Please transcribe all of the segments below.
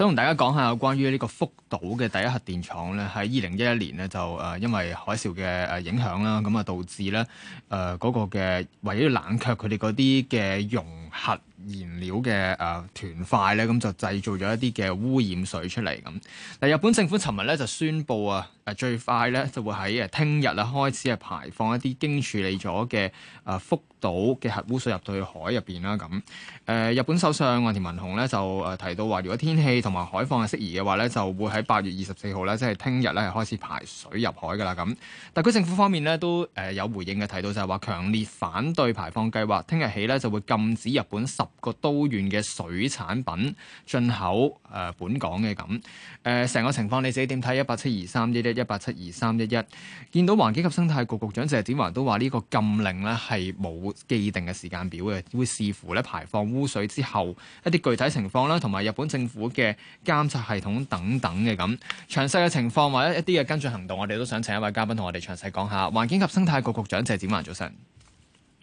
想同大家講下關於呢個福島嘅第一核電廠咧，喺二零一一年咧就誒、呃、因為海嘯嘅誒影響啦，咁啊導致咧誒嗰個嘅為咗要冷卻佢哋嗰啲嘅融核燃料嘅誒團塊咧，咁、嗯、就製造咗一啲嘅污染水出嚟咁。嗱，日本政府尋日咧就宣布啊，誒最快咧就會喺誒聽日啊開始啊排放一啲經處理咗嘅誒福島嘅核污水入到去海入邊啦咁。誒、呃、日本首相岸田文雄咧就誒提到話，如果天氣同埋海況係適宜嘅話咧，就會喺八月二十四號咧，即係聽日咧係開始排水入海㗎啦咁。特區政府方面咧都誒有回應嘅，提到就係話強烈反對排放計劃，聽日起咧就會禁止日本十個都縣嘅水產品進口誒、呃、本港嘅咁誒成個情況你自己點睇？一八七二三一一一八七二三一一，見到環境及生態局局長謝展寰都話呢個禁令呢係冇既定嘅時間表嘅，會視乎咧排放污水之後一啲具體情況啦，同埋日本政府嘅監察系統等等嘅咁詳細嘅情況或者一啲嘅跟進行動，我哋都想請一位嘉賓同我哋詳細講下環境及生態局局長謝展寰早晨。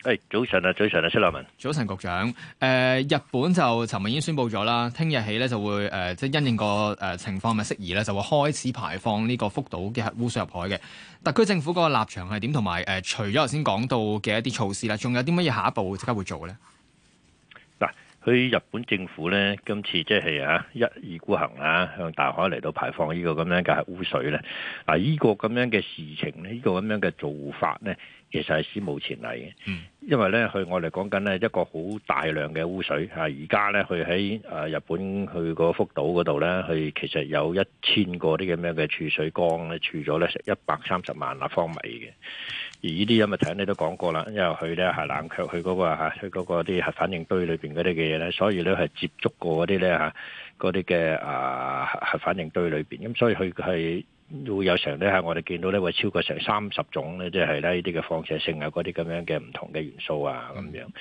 誒，hey, 早晨啊，早晨啊，出納文。早晨，局長。誒、呃，日本就尋日已經宣布咗啦，聽日起咧就會誒、呃，即係因應個誒情況咪適宜咧，就會開始排放呢個福島嘅核污水入海嘅。特區政府嗰個立場係點？同埋誒，除咗頭先講到嘅一啲措施啦，仲有啲乜嘢下一步即刻會做嘅咧？嗱，佢日本政府咧今次即係啊，一意孤行啊，向大海嚟到排放呢個咁樣嘅核污水咧。嗱，依個咁樣嘅事情呢依、這個咁樣嘅做法咧。其實係史無前例嘅，因為咧佢我哋講緊咧一個好大量嘅污水嚇，而家咧佢喺誒日本佢個福島嗰度咧，佢其實有一千個啲咁樣嘅儲水缸咧，儲咗咧一百三十萬立方米嘅。而呢啲咁嘅嘢，你都講過啦，因為佢咧係冷卻佢嗰個嚇，佢、啊、嗰個啲核反應堆裏邊嗰啲嘅嘢咧，所以咧係接觸過嗰啲咧嚇，嗰啲嘅啊、啊核反應堆裏邊，咁、嗯、所以佢係。會有成咧，係我哋見到咧，會超過成三十種咧，即係咧呢啲嘅放射性啊，嗰啲咁樣嘅唔同嘅元素啊，咁樣。咁、嗯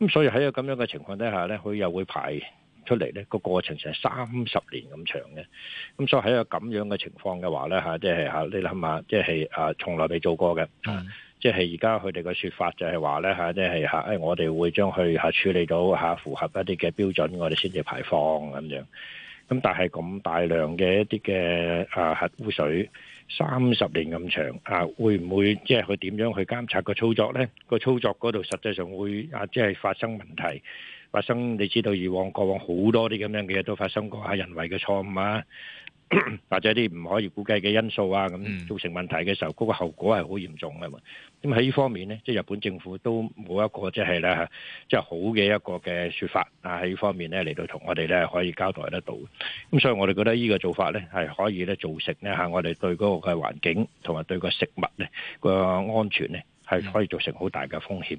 嗯、所以喺個咁樣嘅情況底下咧，佢又會排出嚟咧，這個過程成三十年咁長嘅。咁、嗯、所以喺個咁樣嘅情況嘅話咧，嚇即係嚇你諗下，即係啊從來未做過嘅的、啊。即係而家佢哋嘅說法就係話咧嚇，即係嚇誒我哋會將佢嚇處理到嚇、啊、符合一啲嘅標準，我哋先至排放咁樣。咁但係咁大量嘅一啲嘅啊核污水三十年咁長啊，會唔會即係佢點樣去監察個操作呢？個操作嗰度實際上會啊，即係發生問題，發生你知道以往過往好多啲咁樣嘅嘢都發生過啊，人為嘅錯誤啊。 或者啲唔可以估計嘅因素啊，咁造成問題嘅時候，嗰個後果係好嚴重嘅嘛。咁喺呢方面咧，即係日本政府都冇一個即係咧，即係好嘅一個嘅説法。但喺呢方面咧，嚟到同我哋咧可以交代得到。咁所以我哋覺得呢個做法咧，係可以咧造成咧嚇我哋對嗰個嘅環境同埋對個食物咧個安全咧。係可以造成好大嘅風險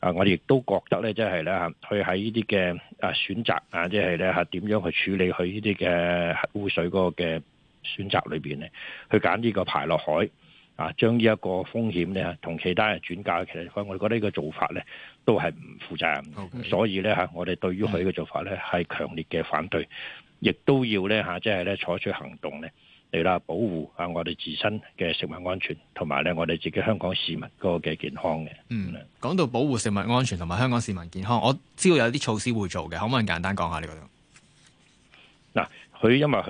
啊！我哋亦都覺得咧，即係咧，佢喺呢啲嘅啊選擇啊，即係咧嚇點樣去處理佢呢啲嘅污水嗰個嘅選擇裏邊咧，去揀呢個排落海啊，將呢一個風險咧同其他人轉嫁，其實我哋覺得呢個做法咧都係唔負責任。Okay. 所以咧嚇，我哋對於佢嘅做法咧係強烈嘅反對，亦都要咧嚇即係咧採取行動咧。嚟保護啊我哋自身嘅食物安全，同埋咧我哋自己香港市民個嘅健康嘅。嗯，講到保護食物安全同埋香港市民健康，我知道有啲措施會做嘅，可唔可以簡單講下呢個？佢因為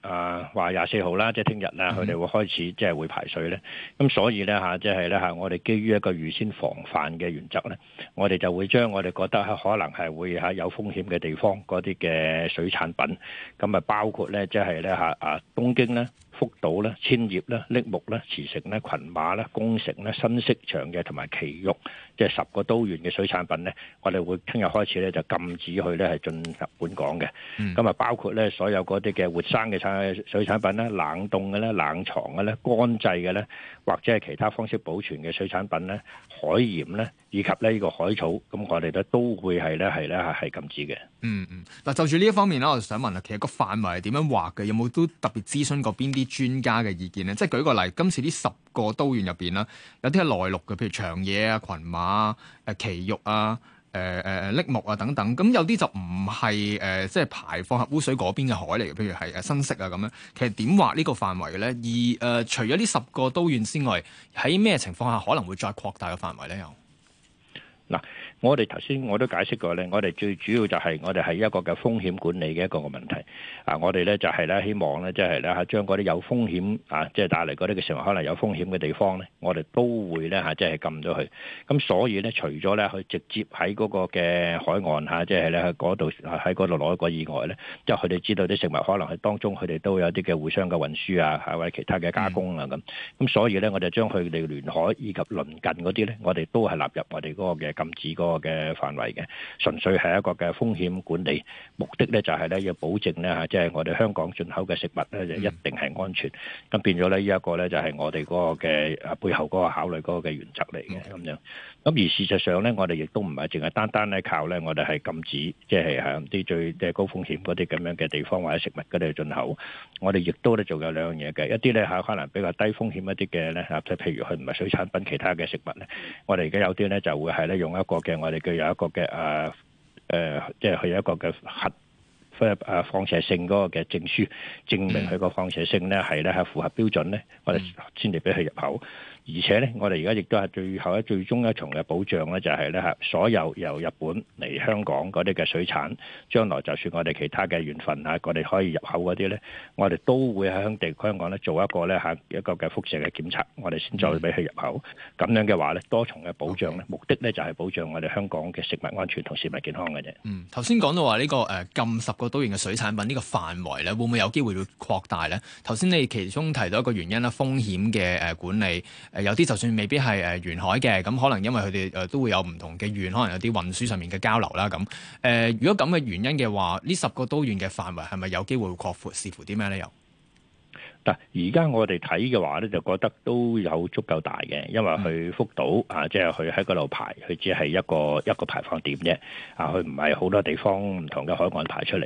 佢啊話廿四號啦，即係聽日啦，佢哋會開始即係會排水咧。咁、嗯、所以咧嚇，即係咧嚇，我哋基於一個預先防範嘅原則咧，我哋就會將我哋覺得可能係會嚇有風險嘅地方嗰啲嘅水產品，咁啊包括咧即係咧嚇啊東京咧。福島咧、千葉咧、栃木咧、茨城咧、群馬咧、宮城咧、新潟、長野嘅同埋埼玉，即係、就是、十個都縣嘅水產品咧，我哋會聽日開始咧就禁止佢咧係進入本港嘅。咁啊、嗯，包括咧所有嗰啲嘅活生嘅產水產品咧、冷凍嘅咧、冷藏嘅咧、乾製嘅咧，或者係其他方式保存嘅水產品咧、海鹽咧。以及呢個海草咁，我哋咧都會係咧係咧係禁止嘅、嗯。嗯嗯，嗱，就住呢一方面啦，我就想問啦，其實個範圍係點樣畫嘅？有冇都特別諮詢過邊啲專家嘅意見咧？即係舉個例，今次呢十個都縣入邊啦，有啲係內陸嘅，譬如長野啊、群馬啊、誒奇玉啊、誒誒瀝木啊等等。咁有啲就唔係誒，即係排放核污水嗰邊嘅海嚟嘅，譬如係誒新色啊咁樣。其實點畫呢個範圍嘅咧？而誒、呃，除咗呢十個都縣之外，喺咩情況下可能會再擴大個範圍咧？又？那。我哋頭先我都解釋過咧，我哋最主要就係我哋係一個嘅風險管理嘅一個個問題啊！我哋咧就係咧希望咧即係咧嚇將嗰啲有風險啊，即係帶嚟嗰啲嘅食物可能有風險嘅地方咧，我哋都會咧嚇即係禁咗佢。咁所以咧，除咗咧佢直接喺嗰個嘅海岸嚇，即係咧喺嗰度喺嗰度攞一個以外咧，即係佢哋知道啲食物可能係當中佢哋都有啲嘅互相嘅運輸啊，或者其他嘅加工啊咁。咁所以咧，我哋將佢哋聯海以及鄰近嗰啲咧，我哋都係納入我哋嗰個嘅禁止個嘅範圍嘅，純、嗯、粹係一個嘅風險管理目的咧，就係咧要保證咧吓，即係我哋香港進口嘅食物咧就一定係安全，咁、嗯、變咗咧呢一個咧就係我哋嗰個嘅啊背後嗰個考慮嗰個嘅原則嚟嘅咁樣。咁而事實上咧，我哋亦都唔係淨係單單咧靠咧，我哋係禁止，即係嚇啲最即係高風險嗰啲咁樣嘅地方或者食物嗰度進口，我哋亦都咧仲有兩樣嘢嘅，一啲咧嚇可能比較低風險一啲嘅咧嚇，即譬如佢唔係水產品其他嘅食物咧，我哋而家有啲咧就會係咧用一個嘅我哋叫有一個嘅誒誒，即係佢有一個嘅核誒、啊、放射性嗰個嘅證書，證明佢個放射性咧係咧嚇符合標準咧，我哋先至俾佢入口。而且咧，我哋而家亦都係最後一最終一重嘅保障咧，就係咧嚇所有由日本嚟香港嗰啲嘅水產，將來就算我哋其他嘅緣分嚇、啊，我哋可以入口嗰啲咧，我哋都會喺地香港咧做一個咧嚇一個嘅輻射嘅檢測，我哋先再俾佢入口。咁、嗯、樣嘅話咧，多重嘅保障咧，目的咧就係保障我哋香港嘅食物安全同食物健康嘅啫。嗯，頭先講到話、這、呢個誒、呃、禁十個都縣嘅水產品呢個範圍咧，會唔會有機會要擴大咧？頭先你其中提到一個原因啦，風險嘅誒管理。誒有啲就算未必係誒沿海嘅，咁可能因為佢哋誒都會有唔同嘅縣，可能有啲運輸上面嘅交流啦咁。誒、呃、如果咁嘅原因嘅話，呢十個都縣嘅範圍係咪有機會擴闊？視乎啲咩理由？而家我哋睇嘅話咧，就覺得都有足夠大嘅，因為佢福島、嗯、啊，即係佢喺嗰度排，佢只係一個一個排放點啫。啊，佢唔係好多地方唔同嘅海岸排出嚟。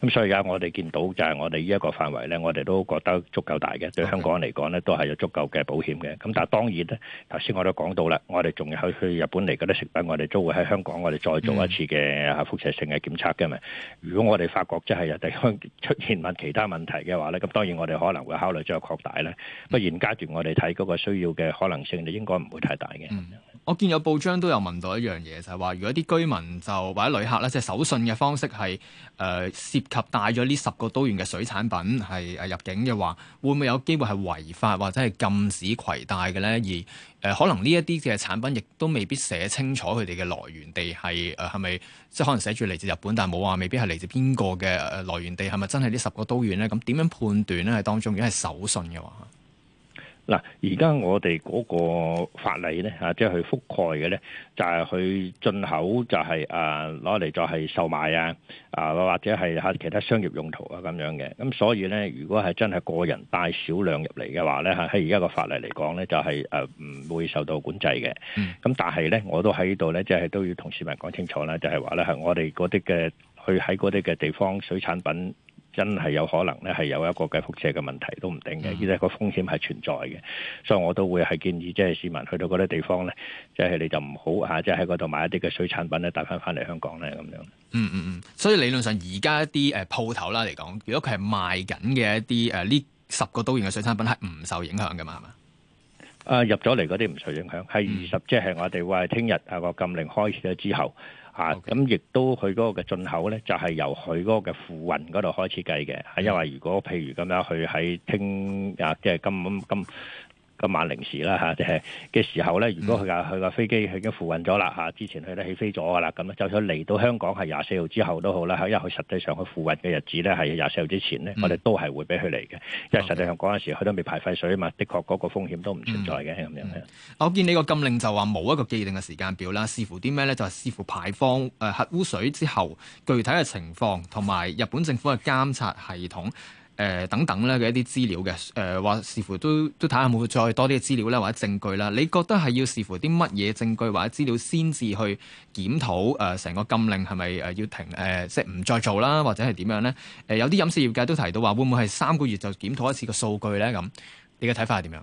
咁、啊、所以而、啊、家我哋見到就係我哋呢一個範圍咧，我哋都覺得足夠大嘅，Okay. 對香港嚟講咧都係有足夠嘅保險嘅。咁但係當然咧，頭先我都講到啦，我哋仲有去日本嚟嗰啲食品，我哋都會喺香港我哋再做一次嘅輻射性嘅檢測嘅嘛。嗯、如果我哋發覺即係有第出出現問其他問題嘅話咧，咁當然我哋可能會。考慮再擴大咧，現階段我哋睇嗰個需要嘅可能性，就應該唔會太大嘅。 我見有報章都有問到一樣嘢，就係、是、話，如果啲居民就或者旅客咧，即係手信嘅方式係誒、呃、涉及帶咗呢十個都縣嘅水產品係誒入境嘅話，會唔會有機會係違法或者係禁止攜帶嘅咧？而誒、呃、可能呢一啲嘅產品亦都未必寫清楚佢哋嘅來源地係誒係咪即係可能寫住嚟自日本，但係冇話未必係嚟自邊個嘅來源地係咪真係呢十個都縣咧？咁點樣判斷咧？喺當中如果係手信嘅話？嗱，而家我哋嗰個法例咧嚇，即係去覆蓋嘅咧，就係、是、去進口就係、是、啊攞嚟就係售賣啊啊或者係嚇其他商業用途啊咁樣嘅。咁所以咧，如果係真係個人帶少量入嚟嘅話咧嚇，喺而家個法例嚟講咧就係誒唔會受到管制嘅。咁、嗯、但係咧，我都喺度咧即係都要同市民講清楚啦，就係話咧嚇，我哋嗰啲嘅去喺嗰啲嘅地方水產品。真係有可能咧，係有一個嘅輻射嘅問題都唔定嘅，呢啲個風險係存在嘅，所以我都會係建議即係市民去到嗰啲地方咧，即係你就唔好啊，即係喺嗰度買一啲嘅水產品咧，帶翻翻嚟香港咧咁樣。嗯嗯嗯，所以理論上而家一啲誒鋪頭啦嚟講，如果佢係賣緊嘅一啲誒呢十個都縣嘅水產品，係唔受影響嘅嘛？啊，入咗嚟嗰啲唔受影響，係二十，即係我哋話聽日啊個禁令開始咗之後。Okay. 啊，咁亦都佢嗰個嘅進口咧，就係由佢嗰個嘅付運嗰度開始計嘅，係、mm hmm. 因為如果譬如咁樣，佢喺聽啊，即係今今。今晚零時啦嚇，即係嘅時候咧。如果佢話佢架飛機佢已經付運咗啦嚇，嗯、之前佢都起飛咗噶啦。咁就算嚟到香港係廿四號之後都好啦，因為佢實際上去付運嘅日子咧係廿四號之前咧，嗯、我哋都係會俾佢嚟嘅。嗯、因為實際上嗰陣時佢都未排廢水啊嘛，的確嗰個風險都唔存在嘅咁、嗯嗯、樣。我見你個禁令就話冇一個既定嘅時間表啦，視乎啲咩咧，就係、是、視乎排放誒、呃、核污水之後具體嘅情況同埋日本政府嘅監察系統。誒等等咧嘅一啲資料嘅，誒、呃、話視乎都都睇下有冇再多啲資料咧或者證據啦。你覺得係要視乎啲乜嘢證據或者資料先至去檢討誒成、呃、個禁令係咪誒要停誒、呃、即係唔再做啦，或者係點樣咧？誒、呃、有啲飲食業界都提到話會唔會係三個月就檢討一次個數據咧？咁你嘅睇法係點樣？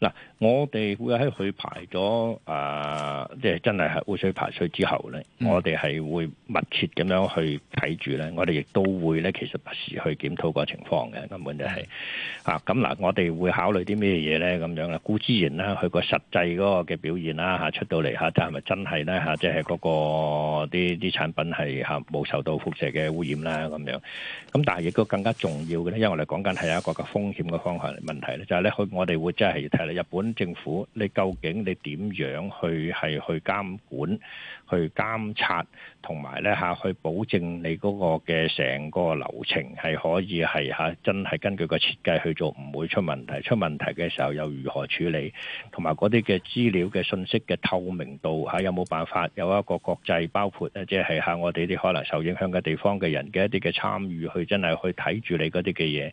嗱。我哋會喺佢排咗誒，即、啊、係、就是、真係係污水排水之後咧，嗯、我哋係會密切咁樣去睇住咧。我哋亦都會咧，其實不時去檢討個情況嘅，根本就係、是、啊。咁嗱、啊，我哋會考慮啲咩嘢咧？咁樣啦，固之然啦，佢個實際嗰個嘅表現啦，吓、啊、出到嚟吓、啊，就係、是、咪真係咧？吓、啊，即係嗰個啲啲產品係吓冇受到輻射嘅污染啦，咁、啊、樣。咁但係亦都更加重要嘅咧，因為我哋講緊係一個嘅風險嘅方向問題咧，就係咧，我我哋會真係睇下日本。政府，你究竟你點樣去係去監管、去監察，同埋咧吓去保證你嗰個嘅成個流程係可以係吓、啊、真係根據個設計去做，唔會出問題。出問題嘅時候又如何處理？同埋嗰啲嘅資料嘅信息嘅透明度吓、啊、有冇辦法有一個國際包括咧即係嚇我哋啲可能受影響嘅地方嘅人嘅一啲嘅參與去真係去睇住你嗰啲嘅嘢。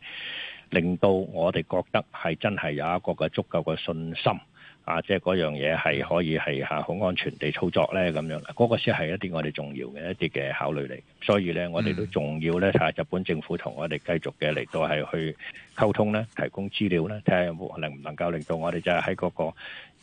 令到我哋覺得係真係有一個嘅足夠嘅信心啊！即係嗰樣嘢係可以係嚇好安全地操作咧，咁樣，嗰個先係一啲我哋重要嘅一啲嘅考慮嚟。所以咧，我哋都仲要咧就係日本政府同我哋繼續嘅嚟到係去溝通咧，提供資料咧，睇下有冇能唔能夠令到我哋就喺嗰個。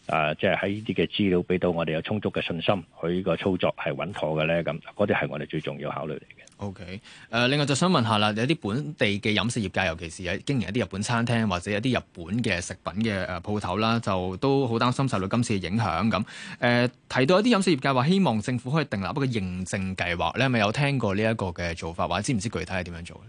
啊，即係喺呢啲嘅資料俾到我哋有充足嘅信心，佢呢個操作係穩妥嘅咧。咁嗰啲係我哋最重要考慮嚟嘅。OK，誒、呃，另外就想問下啦，有啲本地嘅飲食業界，尤其是係經營一啲日本餐廳或者一啲日本嘅食品嘅誒鋪頭啦，就都好擔心受到今次嘅影響咁。誒、呃，提到一啲飲食業界話希望政府可以訂立一個認證計劃，你係咪有聽過呢一個嘅做法，或者知唔知具體係點樣做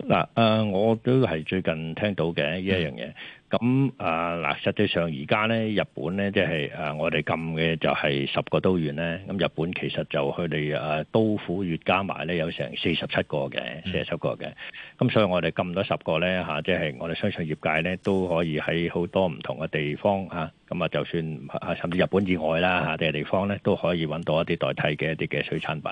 嗱？誒、啊呃，我都係最近聽到嘅一樣嘢。嗯嗯咁啊嗱，實際上而家咧，日本咧即係啊，我哋禁嘅就係十個都縣咧。咁日本其實就佢哋啊都府縣加埋咧有成四十七個嘅，四十七個嘅。咁所以我哋禁多十個咧嚇，即係我哋相信業界咧都可以喺好多唔同嘅地方嚇，咁啊就算甚至日本以外啦嚇嘅地方咧都可以揾到一啲代替嘅一啲嘅水產品。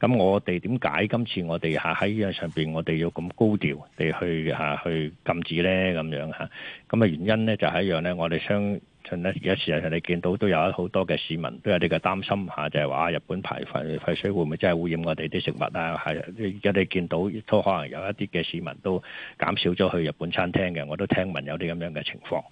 咁、嗯、我哋點解今次我哋嚇喺呢樣上邊我哋要咁高調地去嚇去禁止咧咁樣嚇？咁嘅原因咧就係一樣咧，我哋相信咧，而家事實上你見到都有好多嘅市民都有啲嘅擔心嚇，就係話日本排放廢水會唔會真係污染我哋啲食物啊？係而家你見到都可能有一啲嘅市民都減少咗去日本餐廳嘅，我都聽聞有啲咁樣嘅情況。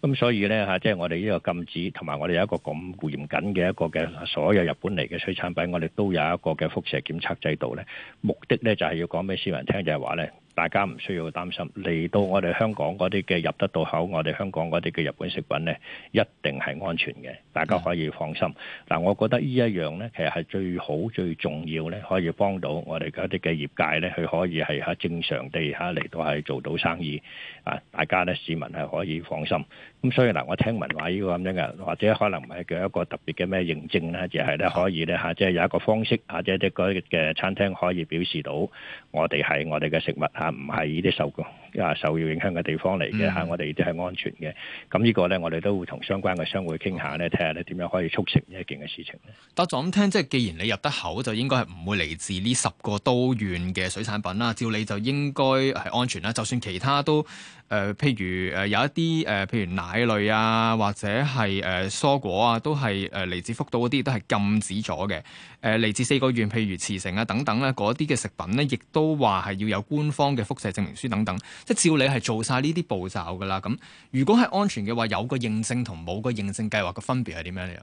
咁所以咧嚇，即係我哋呢個禁止同埋我哋有一個咁嚴謹嘅一個嘅所有日本嚟嘅水產品，我哋都有一個嘅輻射檢測制度咧。目的咧就係要講俾市民聽，就係話咧。大家唔需要擔心，嚟到我哋香港嗰啲嘅入得到口，我哋香港嗰啲嘅日本食品呢，一定係安全嘅，大家可以放心。嗱、嗯啊，我覺得呢一樣呢，其實係最好最重要呢，可以幫到我哋嗰啲嘅業界呢，佢可以係喺正常地下嚟到係做到生意啊！大家呢，市民係可以放心。咁、嗯、所以嗱，我聽聞話呢個咁樣嘅，或者可能唔係佢一個特別嘅咩認證咧，就係、是、咧可以咧吓，即、啊、係、就是、有一個方式啊，即係啲嘅餐廳可以表示到我哋係我哋嘅食物吓，唔係呢啲手工。要嗯、啊，受影響嘅地方嚟嘅嚇，我哋都係安全嘅。咁呢個咧，我哋都會同相關嘅商會傾下咧，睇下咧點樣可以促成呢一件嘅事情咧。多總聽，即係既然你入得口，就應該係唔會嚟自呢十個都縣嘅水產品啦。照理就應該係安全啦。就算其他都誒、呃，譬如誒有一啲誒、呃，譬如奶類啊，或者係誒、呃、蔬果啊，都係誒嚟自福島嗰啲，都係禁止咗嘅。誒、呃、嚟自四個縣，譬如茨城啊等等咧，嗰啲嘅食品咧，亦都話係要有官方嘅輻射證明書等等。即係照你係做晒呢啲步驟噶啦，咁如果係安全嘅話，有個認證同冇個認證計劃嘅分別係點樣咧？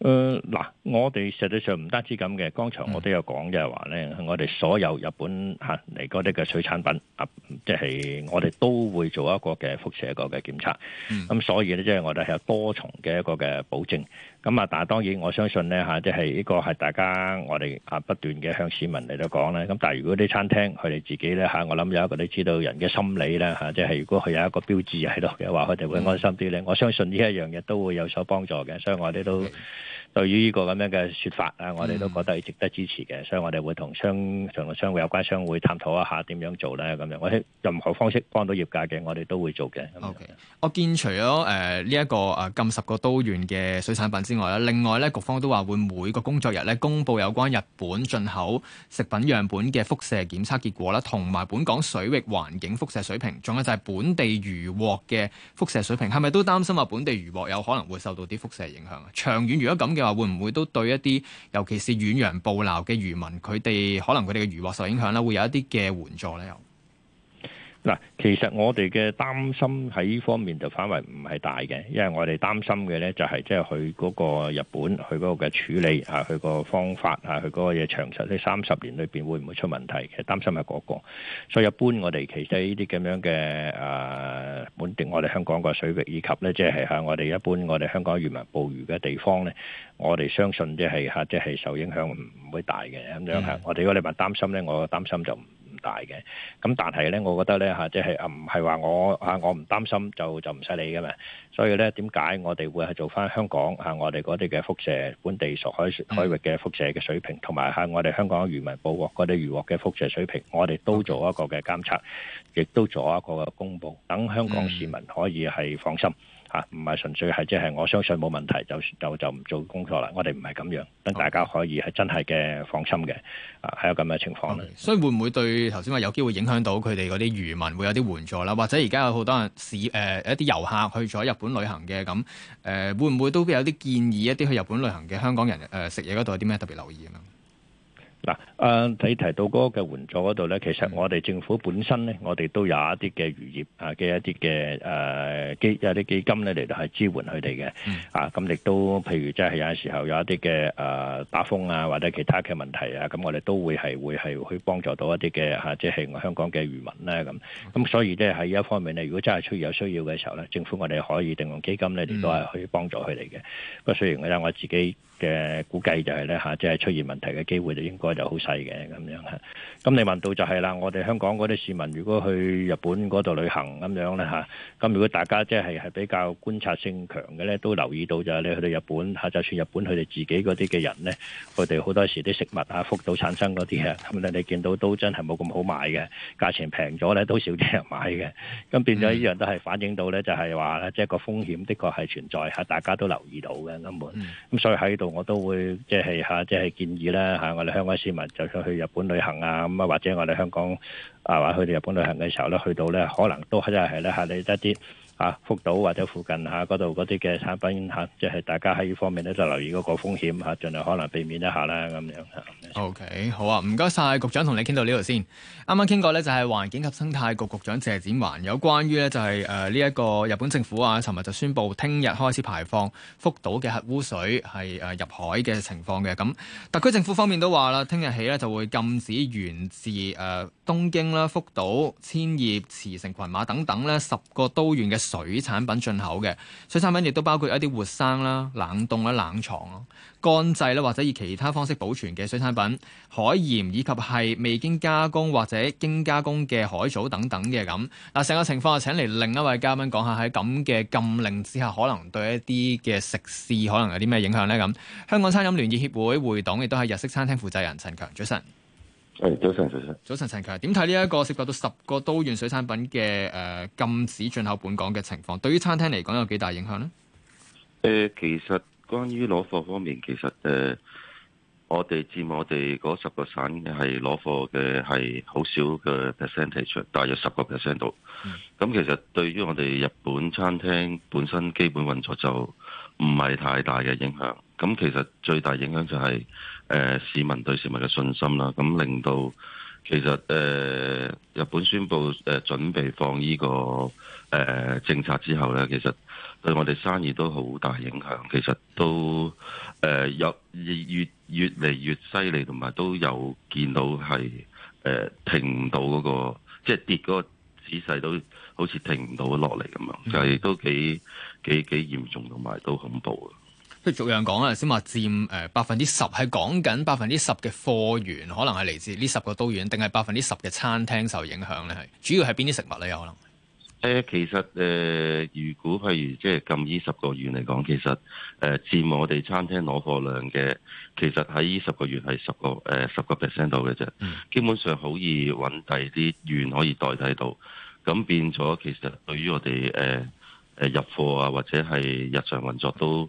誒嗱、呃，我哋實際上唔單止咁嘅，剛才我都有講嘅係話咧，嗯、我哋所有日本嚇嚟嗰啲嘅水產品啊，即係我哋都會做一個嘅輻射一個嘅檢測，咁、嗯嗯、所以咧即係我哋係有多重嘅一個嘅保證。咁啊！但係當然，我相信咧嚇，即係呢個係大家我哋啊不斷嘅向市民嚟到講咧。咁但係如果啲餐廳佢哋自己咧嚇，我諗有一個你知道人嘅心理咧嚇，即係如果佢有一個標誌喺度嘅話，佢哋會安心啲咧。嗯、我相信呢一樣嘢都會有所幫助嘅，所以我哋都。嗯對於呢個咁樣嘅説法啊，我哋都覺得係值得支持嘅，嗯、所以我哋會同商、仲有商會、有關商會探討一下點樣做咧咁樣。我喺任何方式幫到業界嘅，我哋都會做嘅。O Okay , K，樣我見除咗誒呢一個誒、呃、禁十個都縣嘅水產品之外咧，另外咧局方都話會每個工作日咧公佈有關日本進口食品樣本嘅輻射檢測結果啦，同埋本港水域環境輻射水平，仲有就係本地漁獲嘅輻射水平，係咪都擔心話本地漁獲有可能會受到啲輻射影響啊？長遠如果咁。即話會唔會都對一啲，尤其是遠洋捕撈嘅漁民，佢哋可能佢哋嘅漁獲受影響啦，會有一啲嘅援助咧又。嗱，其實我哋嘅擔心喺呢方面就反為唔係大嘅，因為我哋擔心嘅咧就係即係去嗰個日本去嗰個嘅處理啊，去嗰個方法啊，去嗰個嘢長壽呢三十年裏邊會唔會出問題嘅？其實擔心係嗰個。所以一般我哋其實呢啲咁樣嘅啊，本地，我哋香港個水域以及咧即係向我哋一般我哋香港漁民捕魚嘅地方咧，我哋相信即係嚇即係受影響唔會大嘅。咁樣嚇我哋如果你話擔心咧，我擔心就大嘅，咁 但係咧，我覺得咧吓，即係唔係話我吓我唔擔心就就唔使理噶嘛。所以咧，點解我哋會係做翻香港吓我哋嗰啲嘅輻射本地屬海海域嘅輻射嘅水平，同埋吓我哋香港漁民捕獲嗰啲漁獲嘅輻射水平，我哋都做一個嘅監測，亦都做一個嘅公布，等香港市民可以係放心。嚇，唔係、啊、純粹係即係我相信冇問題就就就唔做工作啦。我哋唔係咁樣，等大家可以係真係嘅放心嘅，係 Okay.、啊、有咁嘅情況。Okay. 所以會唔會對頭先話有機會影響到佢哋嗰啲漁民會有啲援助啦？或者而家有好多人士誒、呃、一啲遊客去咗日本旅行嘅咁誒，會唔會都有啲建議一啲去日本旅行嘅香港人誒、呃、食嘢嗰度有啲咩特別留意啊？嗱。誒你、呃、提，提到嗰個嘅援助嗰度咧，其實我哋政府本身咧，我哋都有一啲嘅漁業啊嘅一啲嘅誒基有啲基金咧嚟到係支援佢哋嘅，嗯、啊咁亦都譬如即係有時候有一啲嘅誒打風啊或者其他嘅問題啊，咁我哋都會係會係去幫助到一啲嘅嚇，即係香港嘅漁民咧、啊、咁。咁所以咧喺呢一方面咧，如果真係出現有需要嘅時候咧，政府我哋可以定用基金咧，亦都係去幫助佢哋嘅。不過雖然咧我自己嘅估計就係咧嚇，即係出現問題嘅機會就應該就好係嘅咁樣吓，咁你問到就係啦，我哋香港嗰啲市民如果去日本嗰度旅行咁樣咧嚇，咁如果大家即係係比較觀察性強嘅咧，都留意到就係你去到日本嚇，就算日本佢哋自己嗰啲嘅人咧，佢哋好多時啲食物啊、福島產生嗰啲嘢，咁咧你見到都真係冇咁好買嘅，價錢平咗咧都少啲人買嘅，咁變咗依樣都係反映到咧，就係話咧，即係個風險的確係存在嚇，大家都留意到嘅咁咁所以喺度我都會即係嚇，即係建議啦嚇，我哋香港市民。就算去日本旅行啊，咁啊，或者我哋香港啊，話去日本旅行嘅時候咧，去到咧，可能都真係咧吓你一啲。啊，福島或者附近嚇，嗰度嗰啲嘅產品嚇、啊，即係大家喺呢方面咧就留意嗰個風險嚇、啊，盡量可能避免一下啦咁樣嚇。O、okay, K，好啊，唔該晒。局長，同你傾到呢度先。啱啱傾過咧，就係、是、環境及生態局局,局長謝展寰有關於咧就係誒呢一個日本政府啊，尋日就宣布聽日開始排放福島嘅核污水係誒、呃、入海嘅情況嘅。咁特區政府方面都話啦，聽日起咧就會禁止源自誒。呃東京啦、福島、千葉、茨城、群馬等等咧，十個都縣嘅水產品進口嘅水產品，亦都包括一啲活生啦、冷凍啦、冷藏、乾製啦，或者以其他方式保存嘅水產品、海鹽以及係未經加工或者經加工嘅海藻等等嘅咁。嗱，成個情況啊，請嚟另一位嘉賓講下喺咁嘅禁令之下，可能對一啲嘅食肆可能有啲咩影響呢？咁。香港餐飲聯業協會會董亦都係日式餐廳負責人陳強，早晨。誒，早晨，早晨。早晨，陳強，點睇呢一個涉及到十個都縣水產品嘅誒、呃、禁止進口本港嘅情況？對於餐廳嚟講，有幾大影響呢？誒、呃，其實關於攞貨方面，其實誒、呃，我哋佔我哋嗰十個省係攞貨嘅，係好少嘅 percentage 大約十個 percent 度。咁、嗯嗯、其實對於我哋日本餐廳本身基本運作就唔係太大嘅影響。咁其實最大影響就係、是、誒、呃、市民對市民嘅信心啦。咁、嗯、令到其實誒、呃、日本宣布誒準備放呢、這個誒、呃、政策之後咧，其實對我哋生意都好大影響。其實都誒、呃、有越越嚟越犀利，同埋都有見到係誒、呃、停唔到嗰、那個，即係跌嗰個指勢都好似停唔到落嚟咁樣，嗯、就係都幾幾幾嚴重同埋都恐怖啊！即係逐樣講啊，先話佔誒百分之十係講緊百分之十嘅貨源，可能係嚟自呢十個都縣，定係百分之十嘅餐廳受影響咧？係主要係邊啲食物咧？有可能誒，其實誒、呃，如果譬如即係禁呢十個縣嚟講，其實誒佔、呃、我哋餐廳攞貨量嘅，其實喺呢十個月個，係十個誒十個 percent 度嘅啫，基本上好易揾第二啲縣可以代替到，咁變咗其實對於我哋誒誒入貨啊或者係日常運作都。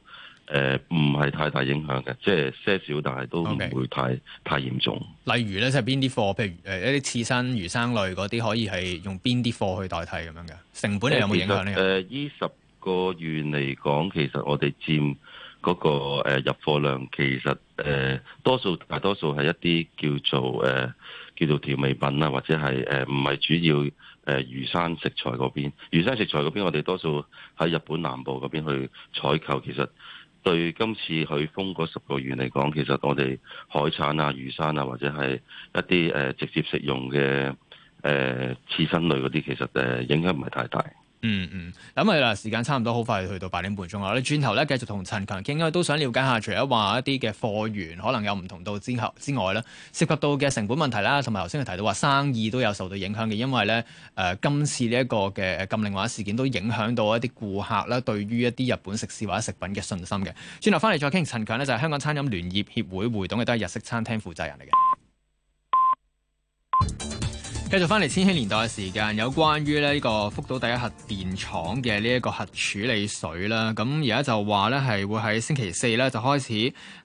誒，唔係、呃、太大影響嘅，即係些少，但係都唔會太 Okay. 太嚴重。例如咧，即係邊啲貨，譬如誒、呃、一啲刺身、魚生類嗰啲，可以係用邊啲貨去代替咁樣嘅成本咧，有冇影響咧？誒，依、呃、十個月嚟講，其實我哋佔嗰個誒、呃、入貨量，其實誒、呃、多數大多數係一啲叫做誒、呃、叫做調味品啦，或者係誒唔係主要誒魚生食材嗰邊，魚生食材嗰邊我哋多數喺日本南部嗰邊去採購，其實。對今次去封嗰十個月嚟講，其實我哋海產啊、魚生啊，或者係一啲誒直接食用嘅誒刺身類嗰啲，其實誒影響唔係太大。嗯嗯，咁啊嗱，時間差唔多，好快去到八點半鐘啦。我哋轉頭咧繼續同陳強傾，因為都想了解下，除咗話一啲嘅貨源可能有唔同到之後之外咧，涉及到嘅成本問題啦，同埋頭先佢提到話生意都有受到影響嘅，因為咧誒、呃、今次呢一個嘅禁令或者事件都影響到一啲顧客啦，對於一啲日本食肆或者食品嘅信心嘅。轉頭翻嚟再傾，陳強呢就係香港餐飲聯業協會會董嘅，都係日式餐廳負責人嚟嘅。繼續翻嚟千禧年代嘅時間，有關於呢個福島第一核電廠嘅呢一個核處理水啦，咁而家就話呢係會喺星期四呢，就開始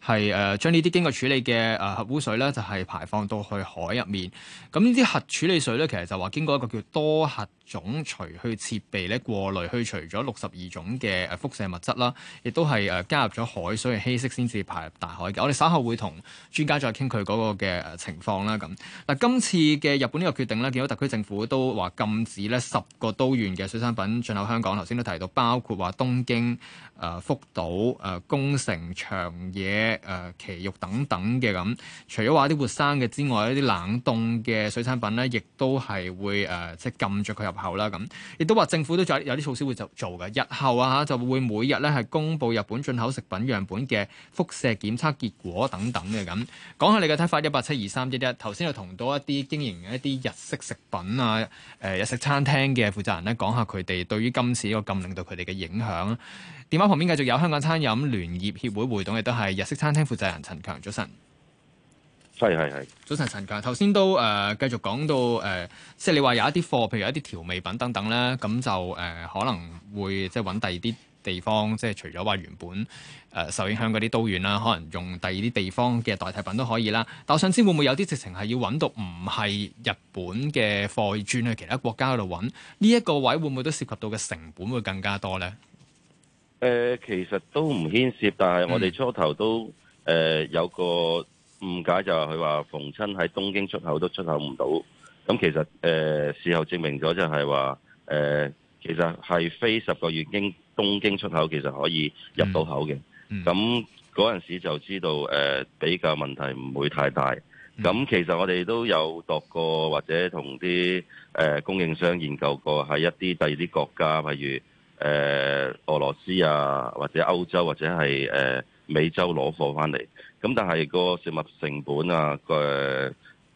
係誒將呢啲經過處理嘅誒核污水呢，就係、是排放到去海入面，咁呢啲核處理水呢，其實就話經過一個叫多核種除去設備咧，過濾去除咗六十二種嘅誒輻射物質啦，亦都係誒加入咗海水嘅稀釋先至排入大海嘅。我哋稍後會同專家再傾佢嗰個嘅情況啦。咁嗱，今次嘅日本呢個決定呢，見到特區政府都話禁止呢十個都縣嘅水產品進口香港。頭先都提到，包括話東京、誒、呃、福島、誒宮城、長野、誒埼玉等等嘅咁。除咗話啲活生嘅之外，一啲冷凍嘅水產品呢，亦都係會誒、呃、即係禁著佢入。後啦，咁亦都話政府都仲有啲措施會就做嘅。日後啊，就會每日咧係公布日本進口食品樣本嘅輻射檢測結果等等嘅。咁講下你嘅睇法，一八七二三一一頭先又同多一啲經營一啲日式食品啊，誒、呃，日式餐廳嘅負責人咧，講下佢哋對於今次呢個禁令對佢哋嘅影響。電話旁邊繼續有香港餐飲聯業協會會董，亦都係日式餐廳負責人陳強，早晨。係係係。早晨陳強，頭先都誒、呃、繼續講到誒、呃，即係你話有一啲貨，譬如一啲調味品等等咧，咁就誒、呃、可能會即係揾第二啲地方，即係除咗話原本誒、呃、受影響嗰啲都縣啦，可能用第二啲地方嘅代替品都可以啦。但我想知會唔會有啲直情係要揾到唔係日本嘅貨，轉去其他國家度揾？呢、這、一個位會唔會都涉及到嘅成本會更加多呢？誒、呃，其實都唔牽涉，但係我哋初頭都誒、呃、有個。嗯誤解就係佢話逢親喺東京出口都出口唔到，咁其實誒、呃、事後證明咗就係話誒其實係非十個都縣經東京出口其實可以入到口嘅，咁嗰陣時就知道誒、呃、比較問題唔會太大。咁、嗯、其實我哋都有度過或者同啲誒供應商研究過喺一啲第二啲國家，譬如誒、呃、俄羅斯啊，或者歐洲或者係誒、呃、美洲攞貨翻嚟。咁但係個食物成本啊，個、呃、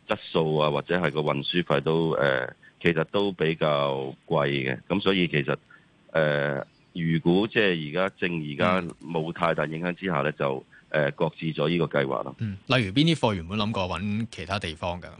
質素啊，或者係個運輸費都誒、呃，其實都比較貴嘅。咁所以其實誒、呃，如果即係而家正而家冇太大影響之下咧，就誒擱置咗呢個計劃咯。嗯，例如邊啲貨源本諗過揾其他地方噶？誒、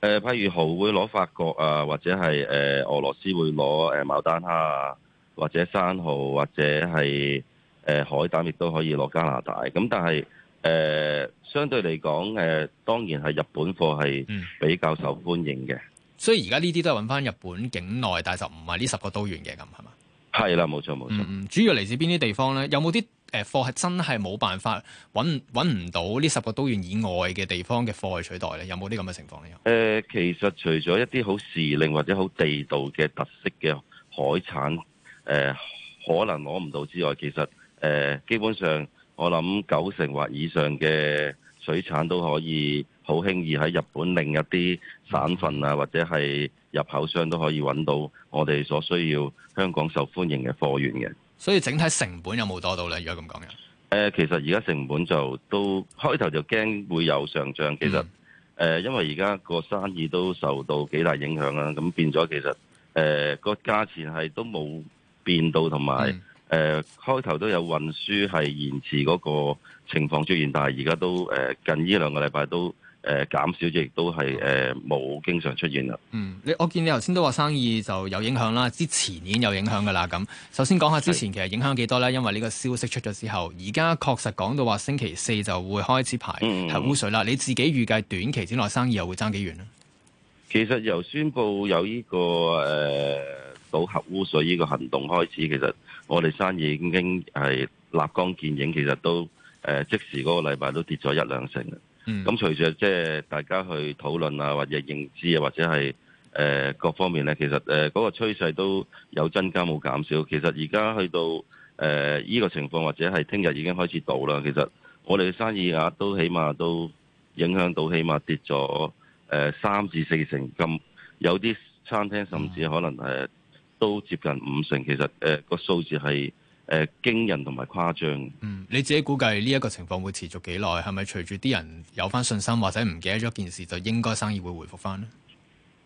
呃，譬如蠔會攞法國啊，或者係誒、呃、俄羅斯會攞誒牡丹蝦啊，或者生蠔，或者係誒、呃、海膽，亦都可以攞加拿大。咁但係誒、呃，相對嚟講，誒、呃，當然係日本貨係比較受歡迎嘅、嗯。所以而家呢啲都係揾翻日本境內，但係就唔係呢十個都縣嘅咁，係嘛？係啦，冇錯冇錯、嗯。主要嚟自邊啲地方呢？有冇啲誒貨係真係冇辦法揾揾唔到呢十個都縣以外嘅地方嘅貨去取代呢？有冇啲咁嘅情況呢？誒、呃，其實除咗一啲好時令或者好地道嘅特色嘅海產，誒、呃，可能攞唔到之外，其實誒、呃，基本上。我諗九成或以上嘅水產都可以好輕易喺日本另一啲省份啊，或者係入口商都可以揾到我哋所需要香港受歡迎嘅貨源嘅。所以整體成本有冇多到呢？而家咁講嘅？其實而家成本就都開頭就驚會有上漲，其實、嗯呃、因為而家個生意都受到幾大影響啦，咁變咗其實誒個價錢係都冇變到，同埋、嗯。誒、呃，開頭都有運輸係延遲嗰個情況出現，但係而家都誒、呃、近呢兩個禮拜都誒減、呃、少，亦都係誒冇經常出現啦。嗯，你我見你頭先都話生意就有影響啦，之前已經有影響噶啦。咁首先講下之前其實影響幾多咧？因為呢個消息出咗之後，而家確實講到話星期四就會開始排核污水啦。嗯、你自己預計短期之內生意又會差幾遠咧？其實由宣布有呢、這個誒倒核污水呢個行動開始，其實。我哋生意已經係立竿見影，其實都誒、呃、即時嗰個禮拜都跌咗一兩成。咁隨、嗯、着即係大家去討論啊，或者認知啊，或者係誒、呃、各方面咧，其實誒嗰、呃那個趨勢都有增加冇減少。其實而家去到誒依、呃這個情況，或者係聽日已經開始到啦。其實我哋嘅生意額都起碼都影響到，起碼跌咗誒、呃、三至四成咁。有啲餐廳甚至可能係、嗯。都接近五成，其實誒、呃、個數字係誒、呃、驚人同埋誇張。嗯，你自己估計呢一個情況會持續幾耐？係咪隨住啲人有翻信心，或者唔記得咗件事，就應該生意會回復翻咧？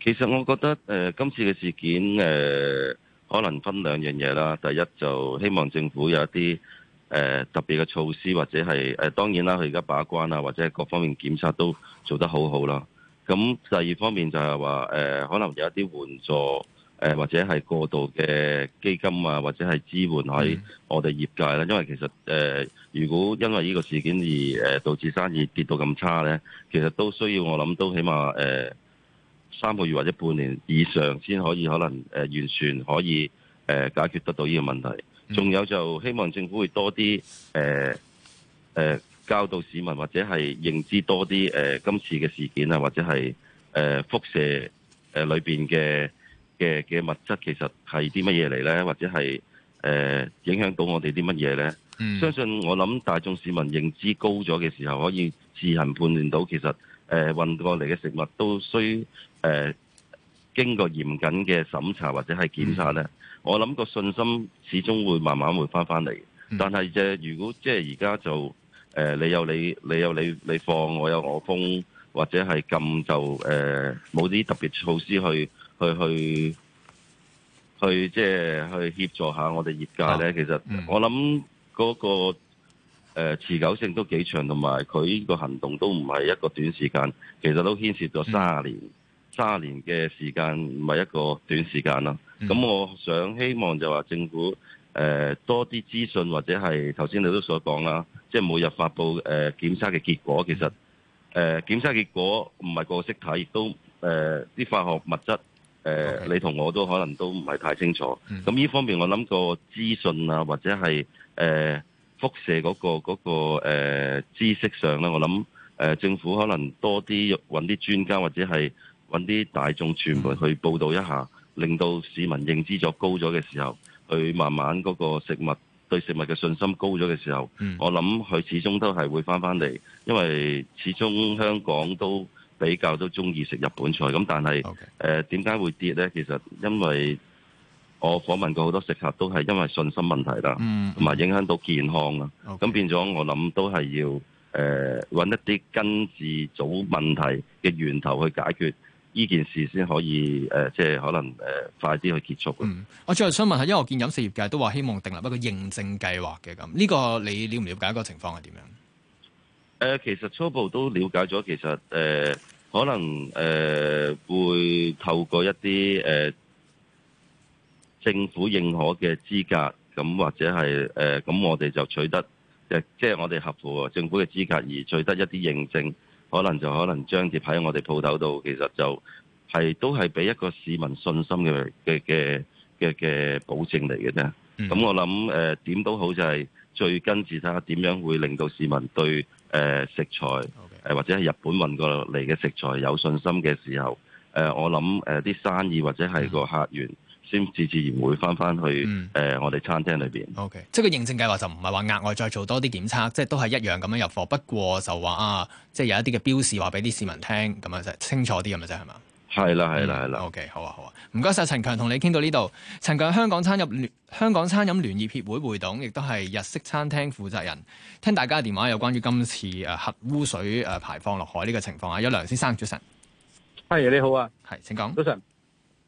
其實我覺得誒、呃、今次嘅事件誒、呃，可能分兩樣嘢啦。第一就希望政府有一啲誒、呃、特別嘅措施，或者係誒、呃、當然啦，佢而家把關啊，或者各方面檢測都做得好好啦。咁第二方面就係話誒，可能有一啲援助。誒，或者係過度嘅基金啊，或者係支援喺我哋業界啦。因為其實誒、呃，如果因為呢個事件而誒導致生意跌到咁差呢，其實都需要我諗都起碼誒呃、三個月或者半年以上先可以可能誒完全可以誒、呃、解決得到呢個問題。仲有就希望政府會多啲誒誒教導市民或者係認知多啲誒、呃、今次嘅事件啊，或者係誒、呃、輻射誒裏邊嘅嘅嘅物質其實係啲乜嘢嚟呢？或者係誒、呃、影響到我哋啲乜嘢呢？嗯、相信我諗，大眾市民認知高咗嘅時候，可以自行判斷到其實誒、呃、運過嚟嘅食物都需誒、呃、經過嚴謹嘅審查或者係檢查呢。嗯、我諗個信心始終會慢慢會翻翻嚟。但係啫，如果即係而家就誒、是呃、你有你你有你你放，我有我封，或者係禁就誒冇啲特別措施去。去去去，即係去協、就是、助下我哋業界咧。哦、其實、嗯、我諗嗰、那個誒、呃、持久性都幾長，同埋佢依個行動都唔係一個短時間，其實都牽涉咗卅年，卅、嗯、年嘅時間唔係一個短時間啦。咁、嗯、我想希望就話政府誒、呃、多啲資訊或者係頭先你都所講啦，即係每日發布誒、呃、檢測嘅結果。其實誒、嗯嗯、檢測結果唔係個色睇，都誒啲、呃呃、化學物質。誒，Okay. 你同我都可能都唔係太清楚。咁呢、mm hmm. 方面，我諗個資訊啊，或者係誒輻射嗰、嗰個嗰、嗰個誒、呃、知識上咧，我諗誒、呃、政府可能多啲揾啲專家或者係揾啲大眾傳媒去報道一下，mm hmm. 令到市民認知咗高咗嘅時候，佢慢慢嗰個食物對食物嘅信心高咗嘅時候，mm hmm. 我諗佢始終都係會翻翻嚟，因為始終香港都。比較都中意食日本菜，咁但係誒點解會跌呢？其實因為我訪問過好多食客，都係因為信心問題啦，同埋、嗯嗯、影響到健康啊。咁 Okay. 變咗，我諗都係要誒搵一啲根治早問題嘅源頭去解決呢件事，先可以誒、呃，即係可能誒、呃、快啲去結束、嗯。我最後想問下，因為我見飲食業界都話希望訂立一個認證計劃嘅咁，呢、呢個你了唔了解個情況係點樣？誒、呃，其實初步都了解咗，其實誒、呃，可能誒、呃、會透過一啲誒、呃、政府認可嘅資格，咁、呃、或者係誒，咁、呃、我哋就取得，誒，即係我哋合乎政府嘅資格而取得一啲認證，可能就可能張貼喺我哋鋪頭度，其實就係都係俾一個市民信心嘅嘅嘅嘅嘅保證嚟嘅啫。咁、嗯、我諗誒，點、呃、都好就係最根治，睇下點樣會令到市民對。誒、呃、食材誒、呃、或者係日本運過嚟嘅食材有信心嘅時候，誒、呃、我諗誒啲生意或者係個客源先至自然會翻翻去誒、嗯呃、我哋餐廳裏邊。OK，即係個認證計劃就唔係話額外再做多啲檢測，即係都係一樣咁樣入貨，不過就話啊，即係有一啲嘅標示話俾啲市民聽咁樣就，清楚啲咁嘅啫係嘛？係啦，係啦，係啦。OK，好啊，好啊，唔該晒，陳強同你傾到呢度。陳強香港餐飲聯、香港餐飲聯業協會會董，亦都係日式餐廳負責人。聽大家嘅電話，有關於今次誒核污水誒排放落海呢個情況啊。有梁先生，早晨。阿你好啊，係，請講。早晨，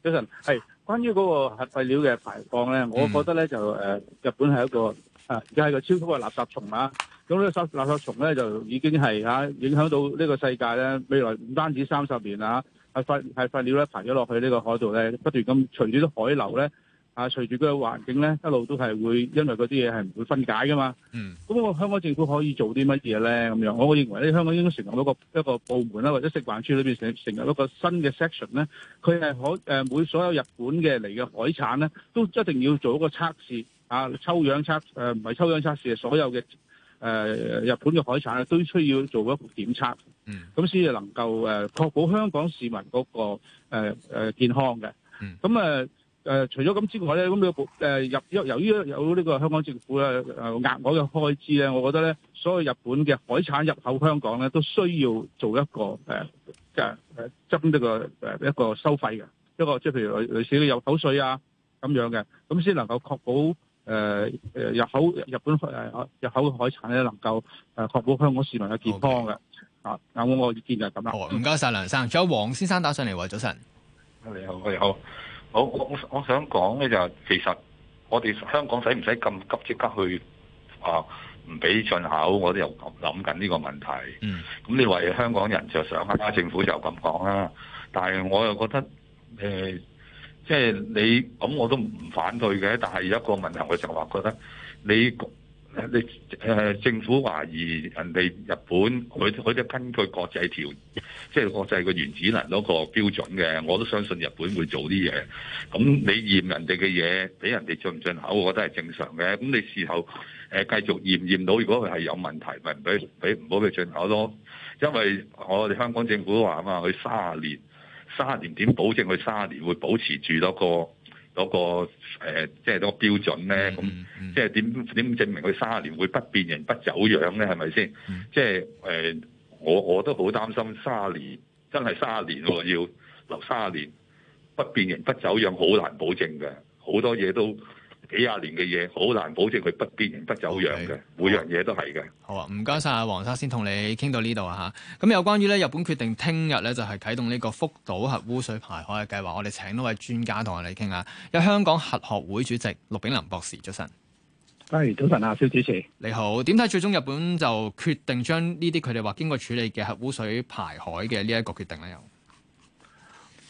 早晨，係關於嗰個核廢料嘅排放咧，我覺得咧就誒，嗯、日本係一個啊，而家係個超級嘅垃圾蟲啊。咁呢個垃垃圾蟲咧就已經係吓影響到呢個世界咧，未來唔單止三十年啊。啊廢係廢料咧排咗落去呢個海度咧，不斷咁隨住啲海流咧，啊隨住佢嘅環境咧，一路都係會因為嗰啲嘢係唔會分解噶嘛。嗯，咁我香港政府可以做啲乜嘢咧？咁樣我認為咧，香港應該成立一個一個部門啦，或者食環署裏邊成成立一個新嘅 section 咧，佢係可誒、呃、每所有日本嘅嚟嘅海產咧，都一定要做一個測試啊，抽樣測誒唔係抽樣測試，係所有嘅誒、呃、日本嘅海產咧都需要做一個檢測。咁先至能夠誒、呃、確保香港市民嗰個誒健康嘅。咁誒誒除咗咁之外咧，咁、呃、誒入因由於有呢個香港政府咧誒、呃、額外嘅開支咧，我覺得咧，所有日本嘅海產入口香港咧，都需要做一個誒嘅誒增呢個誒一個收費嘅一個，即係譬如類似嘅入口稅啊咁樣嘅，咁先能夠確保誒誒、呃、入口日本誒入口嘅海產咧能夠誒、呃、確保香港市民嘅健康嘅。Okay. 啊，啱我意見就咁啦。唔該晒，梁生。仲有黃先生打上嚟喎，早晨。你好，你好。好，我我我想講咧就，其實我哋香港使唔使咁急即刻去啊？唔俾進口，我哋又諗緊呢個問題。嗯。咁你為香港人就想家，政府就咁講啦。但係我又覺得，誒、呃，即係你咁我都唔反對嘅。但係一個問題我就話覺得你。你誒政府懷疑人哋日本，佢佢都根據國際條，即係國際個原子能嗰個標準嘅，我都相信日本會做啲嘢。咁你驗人哋嘅嘢，俾人哋進唔進口，我覺得係正常嘅。咁你事後誒繼續驗驗到，如果佢係有問題，咪唔俾俾唔好俾進口咯。因為我哋香港政府話啊嘛，佢三十年，三十年點保證佢三十年會保持住多個？嗰、那個、呃、即係嗰個標準咧，咁、嗯嗯、即係點點證明佢三十年會不變形不走樣咧？係咪先？即係誒，我我都好擔心三十年，真係三十年要留三十年不變形不走樣，好難保證嘅，好多嘢都。幾廿年嘅嘢，好難保證佢不變不走樣嘅，Okay. 每樣嘢都係嘅。好啊，唔該晒，啊黃生先同你傾到呢度啊吓。咁有關於咧，日本決定聽日咧就係啟動呢個福島核污水排海嘅計劃，我哋請多位專家同我哋傾下。有香港核學會主席陸炳林博士早晨。早晨啊，肖主持。你好，點解最終日本就決定將呢啲佢哋話經過處理嘅核污水排海嘅呢一個決定咧？又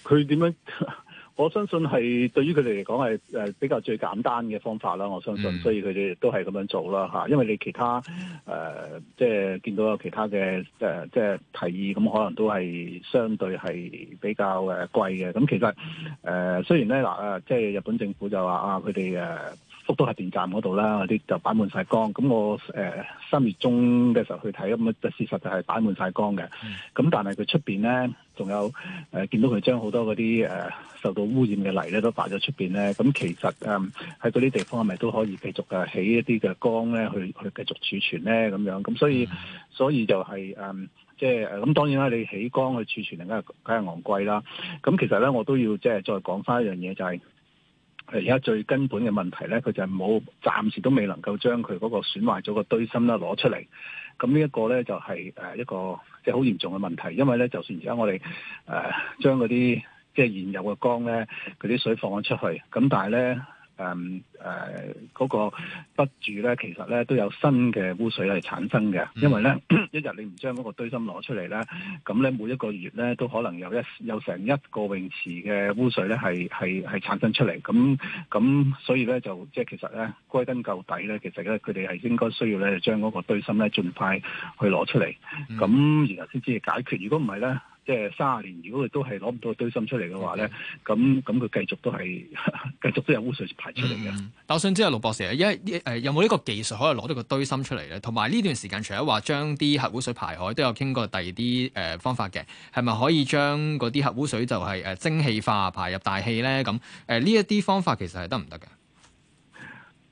佢點樣？ 我相信係對於佢哋嚟講係誒比較最簡單嘅方法啦，我相信，所以佢哋都係咁樣做啦嚇。因為你其他誒、呃、即係見到有其他嘅誒、呃、即係提議，咁可能都係相對係比較誒貴嘅。咁其實誒、呃、雖然咧嗱、呃，即係日本政府就話啊，佢哋誒。呃都喺核電站嗰度啦，嗰啲就擺滿晒缸。咁我誒三、呃、月中嘅時候去睇，咁啊事實就係擺滿晒缸嘅。咁、嗯、但係佢出邊咧，仲有誒、呃、見到佢將好多嗰啲誒受到污染嘅泥咧，都擺咗出邊咧。咁其實啊，喺嗰啲地方係咪都可以繼續啊起一啲嘅缸咧，去去繼續儲存咧咁樣。咁所以、嗯、所以就係、是、誒，即係誒。咁、就是呃、當然啦，你起缸去儲存，梗係梗係昂貴啦。咁其實咧，我都要即係再講翻一樣嘢，就係、是。就是而家最根本嘅問題咧，佢就係冇暫時都未能夠將佢嗰個損壞咗嘅堆芯啦攞出嚟，咁呢、就係、一個咧就係誒一個即係好嚴重嘅問題，因為咧就算而家我哋誒、呃、將嗰啲即係現有嘅缸咧，嗰啲水放咗出去，咁但係咧。誒誒，嗰、嗯呃嗰個不注咧，其實咧都有新嘅污水係產生嘅，因為咧 一日你唔將嗰個堆芯攞出嚟咧，咁咧每一個月咧都可能有一有成一個泳池嘅污水咧係係係產生出嚟，咁咁所以咧就即係其實咧歸根究底咧，其實咧佢哋係應該需要咧將嗰個堆芯咧盡快去攞出嚟，咁然後先至解決。如果唔係咧。即係三十年，如果佢都係攞唔到堆芯出嚟嘅話咧，咁咁佢繼續都係 繼續都有污水排出嚟嘅。嗯、但我想知阿陸博士，因為誒有冇呢個技術可以攞到個堆芯出嚟咧？同埋呢段時間，除咗話將啲核污水排海，都有傾過第二啲誒方法嘅，係咪可以將嗰啲核污水就係誒蒸氣化排入大氣咧？咁誒呢一啲方法其實係得唔得嘅？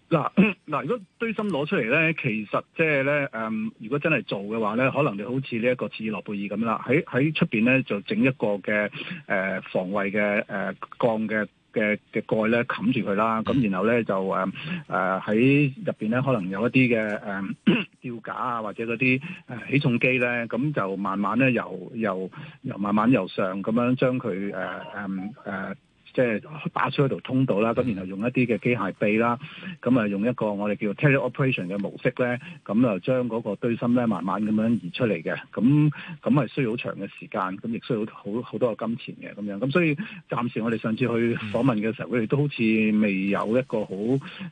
嗱嗱，如果堆芯攞出嚟咧，其實即係咧誒，如果真係做嘅話咧，可能你好似呢一個切爾諾貝爾咁啦，喺喺出邊咧就整一個嘅誒、呃、防衞嘅誒鋼嘅嘅嘅蓋咧冚住佢啦，咁然後咧就誒誒喺入邊咧可能有一啲嘅誒吊架啊或者嗰啲誒起重機咧，咁就慢慢咧由由由慢慢由上咁樣將佢誒誒誒。呃呃呃呃即係打出一條通道啦，咁然後用一啲嘅機械臂啦，咁啊用一個我哋叫做 teleoperation 嘅模式咧，咁啊將嗰個堆心咧慢慢咁樣移出嚟嘅，咁咁係需要好長嘅時間，咁亦需要好好多嘅金錢嘅咁樣，咁所以暫時我哋上次去訪問嘅時候，佢哋都好似未有一個好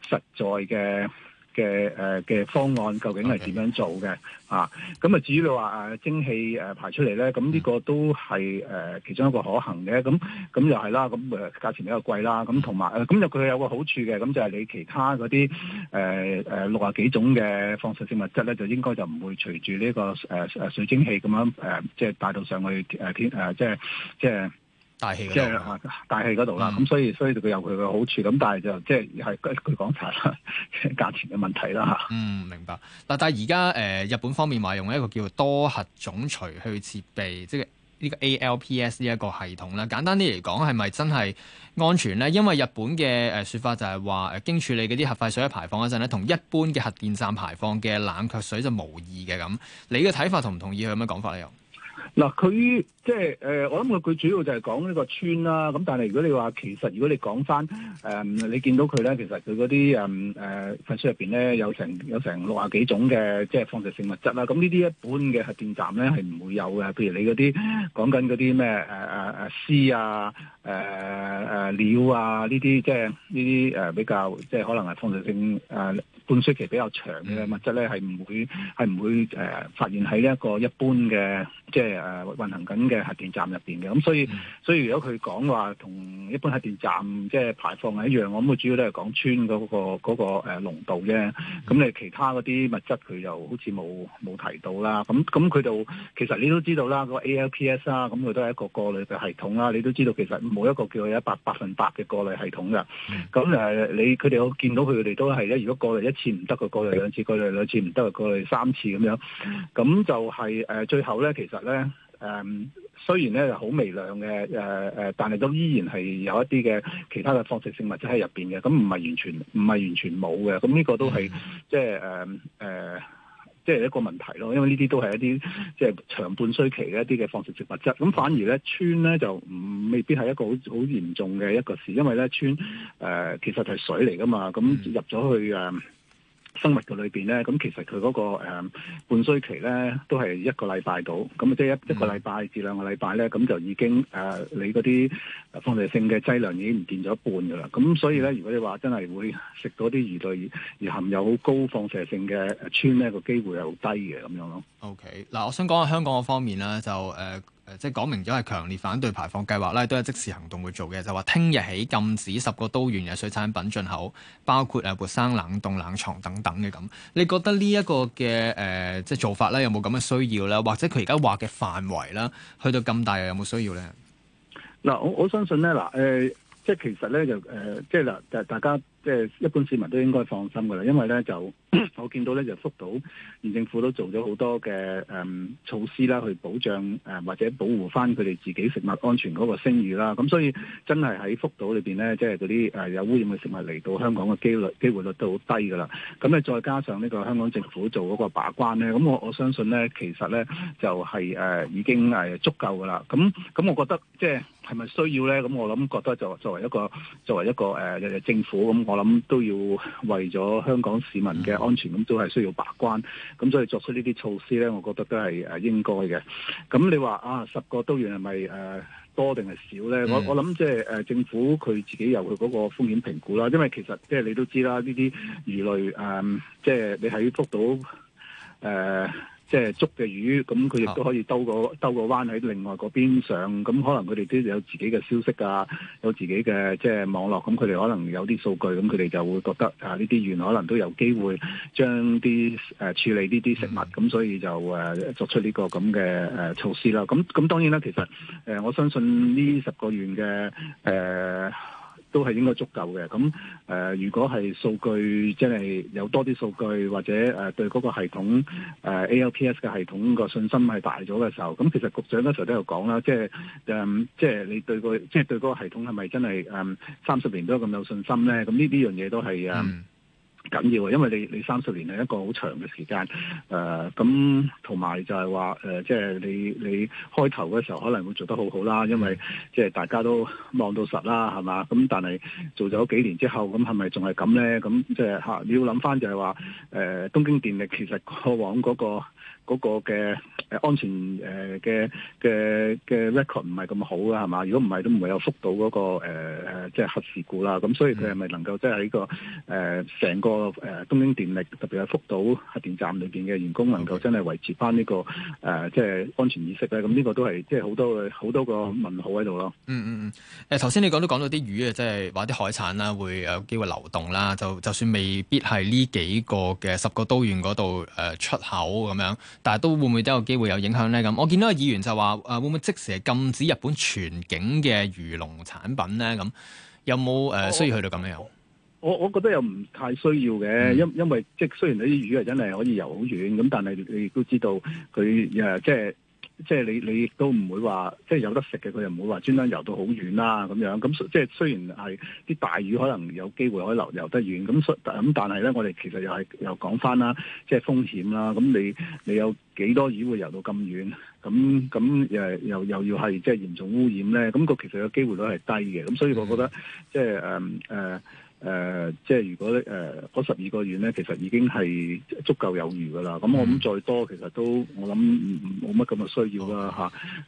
實在嘅。嘅誒嘅方案究竟係點樣做嘅的啊？咁啊至於你話誒、啊、蒸氣誒、啊、排出嚟咧，咁呢個都係誒其中一個可行嘅。咁咁又係啦，咁、啊、誒價錢比較貴啦。咁同埋咁又佢有個、啊、好處嘅，咁、啊、就係你其他嗰啲誒誒六十,啊幾種嘅放射性物質咧，就應該就唔會隨住呢、這個誒誒、啊、水蒸氣咁樣誒，即係帶到上去誒天誒，即係即係。就是大氣即係大氣嗰度啦，咁、嗯、所以所以佢有佢嘅好處，咁但係就即係係佢講晒啦，價錢嘅問題啦吓。嗯，明白。嗱，但係而家誒，日本方面話用一個叫做多核總除去設備，即係呢個 ALPS 呢一個系統咧。簡單啲嚟講，係咪真係安全呢？因為日本嘅誒說法就係話，誒經處理嗰啲核廢水排放嗰陣呢，同一般嘅核電站排放嘅冷卻水就無異嘅咁。你嘅睇法同唔同意佢有咩講法咧？嗱，佢即係誒、呃，我諗佢佢主要就係講呢個村啦、啊。咁但係如果你話其實如果你講翻誒，你見到佢咧，其實佢嗰啲誒誒廢水入邊咧有成有成六十幾種嘅即係放射性物質啦。咁呢啲一般嘅核電站咧係唔會有嘅。譬如你嗰啲講緊嗰啲咩誒誒誒鈽啊誒誒鈈啊呢啲、啊，即係呢啲誒比較即係可能係放射性誒、呃、半衰期比較長嘅物質咧，係唔會係唔會誒、呃、發現喺呢一個一般嘅。即係誒運行緊嘅核電站入邊嘅，咁所以、嗯、所以如果佢講話同一般核電站即係、就是、排放係一樣，我諗佢主要都係講穿嗰、那個嗰、那個濃度啫。咁你其他嗰啲物質佢就好似冇冇提到啦。咁咁佢就其實你都知道啦，那個 ALPS 啊，咁佢都係一個過濾嘅系統啦、啊。你都知道其實冇一個叫一百百分百嘅過濾系統嘅。咁誒你佢哋我見到佢哋都係咧，如果過濾一次唔得嘅，過濾兩次，過濾兩次唔得嘅，過濾三次咁樣。咁就係、是、誒、呃、最後咧，其實。咧誒、嗯、雖然咧好微量嘅誒誒，但係都依然係有一啲嘅其他嘅放射性物質喺入邊嘅，咁唔係完全唔係完全冇嘅，咁呢個都係即係誒誒，即、就、係、是呃呃就是、一個問題咯，因為呢啲都係一啲即係長半衰期嘅一啲嘅放射性物質，咁反而咧氚咧就未必係一個好好嚴重嘅一個事，因為咧氚誒、呃、其實係水嚟㗎嘛，咁入咗去誒，呃生物嘅裏邊咧，咁其實佢嗰、嗰個、呃、半衰期咧，都係一個禮拜到，咁即係一一個禮拜至兩個禮拜咧，咁就已經誒、呃、你嗰啲放射性嘅劑量已經唔見咗一半噶啦，咁所以咧，如果你話真係會食嗰啲魚類而含有高放射性嘅村咧，個機會係好低嘅咁樣咯。OK，嗱，我想講下香港嘅方面咧，就誒。呃誒即係講明咗係強烈反對排放計劃啦，都係即時行動會做嘅，就話聽日起禁止十個都縣嘅水產品進口，包括誒活生、冷凍、冷藏等等嘅咁。你覺得呢一個嘅誒、呃、即係做法咧，有冇咁嘅需要咧？或者佢而家話嘅範圍啦，去到咁大有冇需要咧？嗱，我我相信咧，嗱、呃、誒，即係其實咧就誒，即係嗱，就、呃、大家。即係一般市民都應該放心㗎啦，因為咧就 我見到咧就福島縣政府都做咗好多嘅誒、嗯、措施啦，去保障誒、呃、或者保護翻佢哋自己食物安全嗰個聲譽啦。咁、嗯、所以真係喺福島裏邊咧，即係嗰啲誒有污染嘅食物嚟到香港嘅機率機會率都好低㗎啦。咁、嗯、咧再加上呢個香港政府做嗰個把關咧，咁、嗯、我我相信咧其實咧就係、是、誒、呃、已經誒足夠㗎啦。咁、嗯、咁、嗯嗯、我覺得即係係咪需要咧？咁我諗覺得就作為一個作為一個誒、呃呃、政府咁我諗都要為咗香港市民嘅安全，咁都係需要把關，咁所以作出呢啲措施咧，我覺得都係誒應該嘅。咁你話啊，十個都縣係咪誒多定係少咧、嗯？我我諗即係誒政府佢自己有佢嗰個風險評估啦，因為其實即係、就是、你都知啦，呢啲魚類誒，即、呃、係、就是、你喺福島誒。呃即係捉嘅魚，咁佢亦都可以兜個兜個彎喺另外嗰邊上，咁可能佢哋都有自己嘅消息啊，有自己嘅即係網絡，咁佢哋可能有啲數據，咁佢哋就會覺得啊，呢啲縣可能都有機會將啲誒、呃、處理呢啲食物，咁所以就誒、呃、作出呢個咁嘅誒措施啦。咁咁當然啦，其實誒、呃、我相信呢十個縣嘅誒。呃都係應該足夠嘅，咁誒、呃，如果係數據即係有多啲數據，或者誒、呃、對嗰個系統誒、呃、ALPS 嘅系統個信心係大咗嘅時候，咁其實局長嗰時候都有講啦，即係誒、呃，即係你對、嗰個即係對嗰個系統係咪真係誒三十年都咁有信心咧？咁呢啲樣嘢都係啊。呃嗯緊要啊，因為你你三十年係一個好長嘅時間，誒咁同埋就係話誒，即係你你開頭嘅時候可能會做得好好啦，因為即係大家都望到實啦，係嘛？咁但係做咗幾年之後，咁係咪仲係咁咧？咁即係嚇你要諗翻就係話誒，東京電力其實過往嗰個嗰個嘅安全誒嘅嘅嘅 record 唔係咁好啦，係嘛？如果唔係都唔會有福島嗰個誒、呃、即係核事故啦。咁所以佢係咪能夠即係喺個誒成個誒東京電力特別係福島核電站裏邊嘅員工能夠真係維持翻、這、呢個誒、呃，即係安全意識咧？咁呢個都係即係好多好多個問號喺度咯。嗯嗯嗯。誒頭先你講都講到啲魚啊，即係話啲海產啦，會有機會流動啦。就就算未必係呢幾個嘅十個都縣嗰度誒出口咁樣，但係都會唔會都有機會？會有影響咧，咁我見到個議員就話誒會唔會即時係禁止日本全境嘅漁農產品咧，咁有冇誒需要去到咁樣？我、我我覺得又唔太需要嘅。因、嗯、因為即雖然啲魚係真係可以游好遠，咁但係你亦都知道佢誒、呃、即係。即係你你亦都唔會話，即係有得食嘅佢又唔會話專登游到好遠啦、啊、咁樣。咁即係雖然係啲大魚可能有機會可以遊遊得遠，咁咁但係咧，我哋其實又係又講翻啦，即係風險啦。咁你你有幾多魚會游到咁遠？咁咁又又又要係即係嚴重污染咧？咁個其實嘅機會率係低嘅。咁所以我覺得即係誒誒。呃呃誒、呃，即係如果誒嗰十二個月咧，其實已經係足夠有餘噶啦。咁 我諗再多，其實都我諗冇乜咁嘅需要啦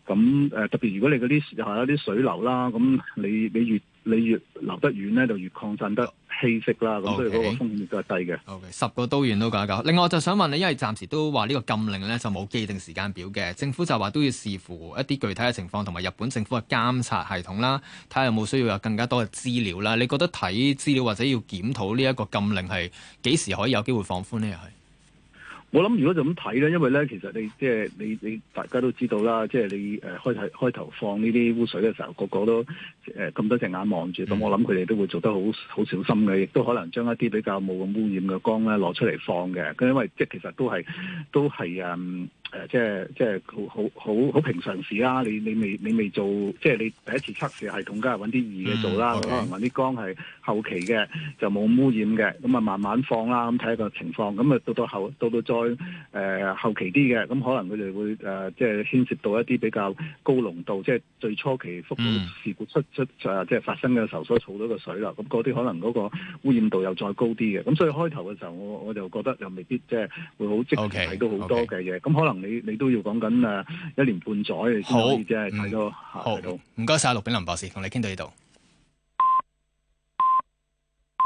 嚇。咁、啊、誒、呃、特別如果你嗰啲係一啲水流啦，咁你你越你越。你越流得遠呢就越擴散得稀釋啦，咁 Okay. 所以嗰個風險亦都係低嘅。Okay. 十個都縣都搞搞。另外，我就想問你，因為暫時都話呢個禁令呢就冇既定時間表嘅，政府就話都要視乎一啲具體嘅情況同埋日本政府嘅監察系統啦，睇下有冇需要有更加多嘅資料啦。你覺得睇資料或者要檢討呢一個禁令係幾時可以有機會放寬呢？又係？我諗如果就咁睇咧，因為咧，其實你即係你你大家都知道啦，即係你誒、呃、開頭開頭放呢啲污水嘅時候個個都誒咁、呃、多隻眼望住，咁、嗯、我諗佢哋都會做得好好小心嘅，亦都可能將一啲比較冇咁污染嘅光咧攞出嚟放嘅，咁因為即係其實都係都係嗯。誒、呃、即係即係好好好好平常事啦、啊！你你未你未做，即係你第一次測試系統，梗係揾啲易嘅做啦。揾啲缸係後期嘅就冇污染嘅，咁啊慢慢放啦，咁睇下個情況。咁啊到後到後到到再誒、呃、後期啲嘅，咁可能佢哋會誒即係牽涉到一啲比較高濃度，即係最初期福島事故出、嗯、出，出即係發生嘅時候所儲到嘅水啦。咁嗰啲可能嗰個污染度又再高啲嘅。咁所以開頭嘅時候，我我就覺得又未必即係會好即時睇到好多嘅嘢。咁可能你你都要講緊誒一年半載先可以即係睇到。好，唔該曬陸炳林博士，同你傾到呢度。